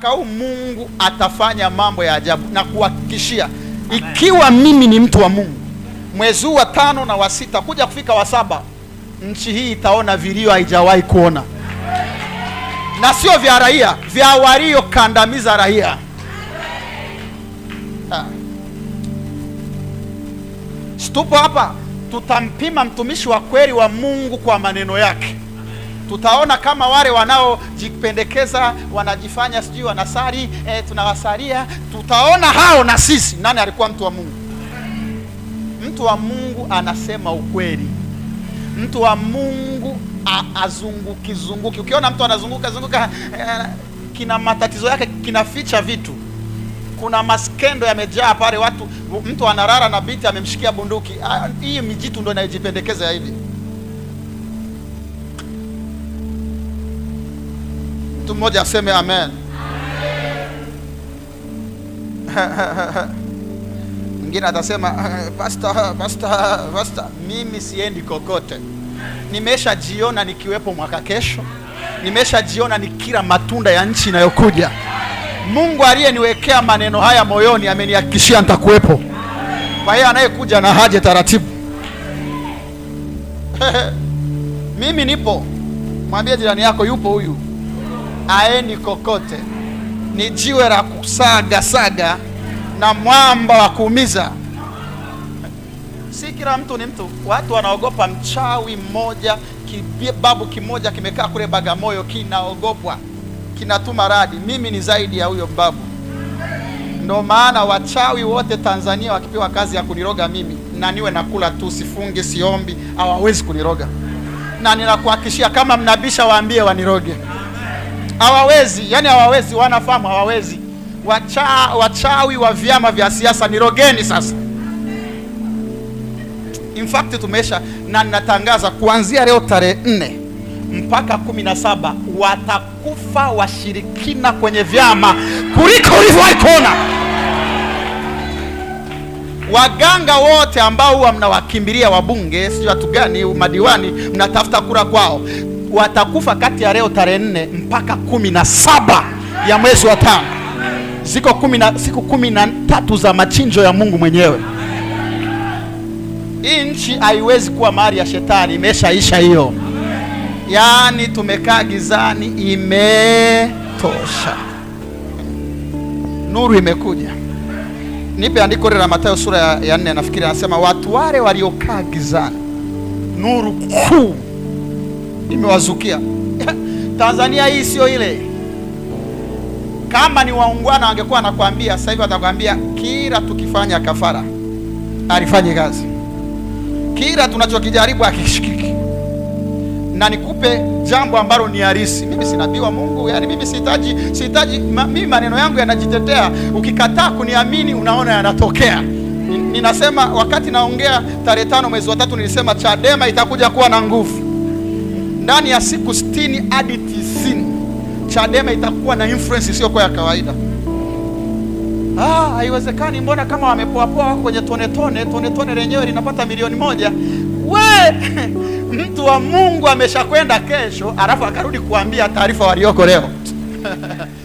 mwaka huu Mungu atafanya mambo ya ajabu na kuhakikishia, ikiwa mimi ni mtu wa Mungu, mwezi huu wa tano na wa sita kuja kufika wa saba, nchi hii itaona vilio haijawahi kuona, na sio vya raia, vya waliokandamiza raia. Ah. Situpo hapa, tutampima mtumishi wa kweli wa Mungu kwa maneno yake. Tutaona kama wale wanaojipendekeza wanajifanya sijui wanasari e, eh, tunawasalia. Tutaona hao na sisi, nani alikuwa mtu wa Mungu? Mtu wa Mungu anasema ukweli. Mtu wa Mungu azunguki zunguki. Ukiona mtu anazunguka zunguka, eh, kina matatizo yake, kinaficha vitu. Kuna maskendo yamejaa pale, watu mtu analala na binti amemshikia bunduki. Ah, hii mijitu ndio inayojipendekeza hivi. Mtu mmoja aseme amen. Mwingine atasema eh, pastor, pastor, pastor, mimi siendi kokote, nimeshajiona nikiwepo mwaka kesho, nimeshajiona nikila matunda ya nchi inayokuja. Mungu aliyeniwekea maneno haya moyoni amenihakikishia nitakuwepo. Kwa hiyo anayekuja na haje taratibu. Mimi nipo. Mwambie jirani yako yupo huyu haendi kokote, ni jiwe la kusaga saga na mwamba wa kuumiza. Si kila mtu ni mtu. Watu wanaogopa mchawi mmoja, kibabu kimoja kimekaa kule Bagamoyo, kinaogopwa, kinatuma radi. Mimi ni zaidi ya huyo babu. Ndo maana wachawi wote Tanzania wakipewa kazi ya kuniroga mimi na niwe nakula tu, sifungi, siombi, hawawezi kuniroga, na ninakuhakishia kama mnabisha, waambie waniroge hawawezi, yani hawawezi, wanafahamu hawawezi. Wacha, wachawi wa vyama vya siasa ni rogeni sasa. In fact tumesha na natangaza kuanzia leo tarehe nne mpaka kumi na saba watakufa washirikina kwenye vyama kuliko ulivyowahi kuona. Waganga wote ambao huwa mnawakimbilia wabunge, sio watu gani, madiwani, mnatafuta kura kwao, watakufa kati ya leo tarehe nne mpaka kumi na saba ya mwezi wa tano. Ziko kumi na, siku kumi na tatu za machinjo ya Mungu mwenyewe. Hii nchi haiwezi kuwa mali ya shetani, imeshaisha hiyo. Yaani tumekaa gizani, imetosha. Nuru imekuja. Nipe andiko la Mathayo sura ya nne, nafikiri anasema watu wale waliokaa gizani, nuru kuu imewazukia Tanzania hii sio ile. Kama ni waungwana wangekuwa nakwambia sasa hivi, watakwambia kila tukifanya kafara alifanye kazi, kila tunachokijaribu akishikiki. Na nikupe jambo ambalo ni harisi. Mimi sinabii wa Mungu, yani mimi sihitaji sihitaji, mimi maneno yangu yanajitetea. Ukikataa kuniamini, unaona yanatokea. Ninasema wakati naongea tarehe tano mwezi wa tatu nilisema Chadema itakuja kuwa na nguvu ndani ya siku 60 hadi 90 Chadema itakuwa na influence isiyokuwa ya kawaida. Ah, haiwezekani. Mbona kama wamepoapoa wako kwenye tonetone tonetone lenyewe linapata milioni moja? We mtu wa Mungu ameshakwenda kesho, alafu akarudi kuambia taarifa walioko leo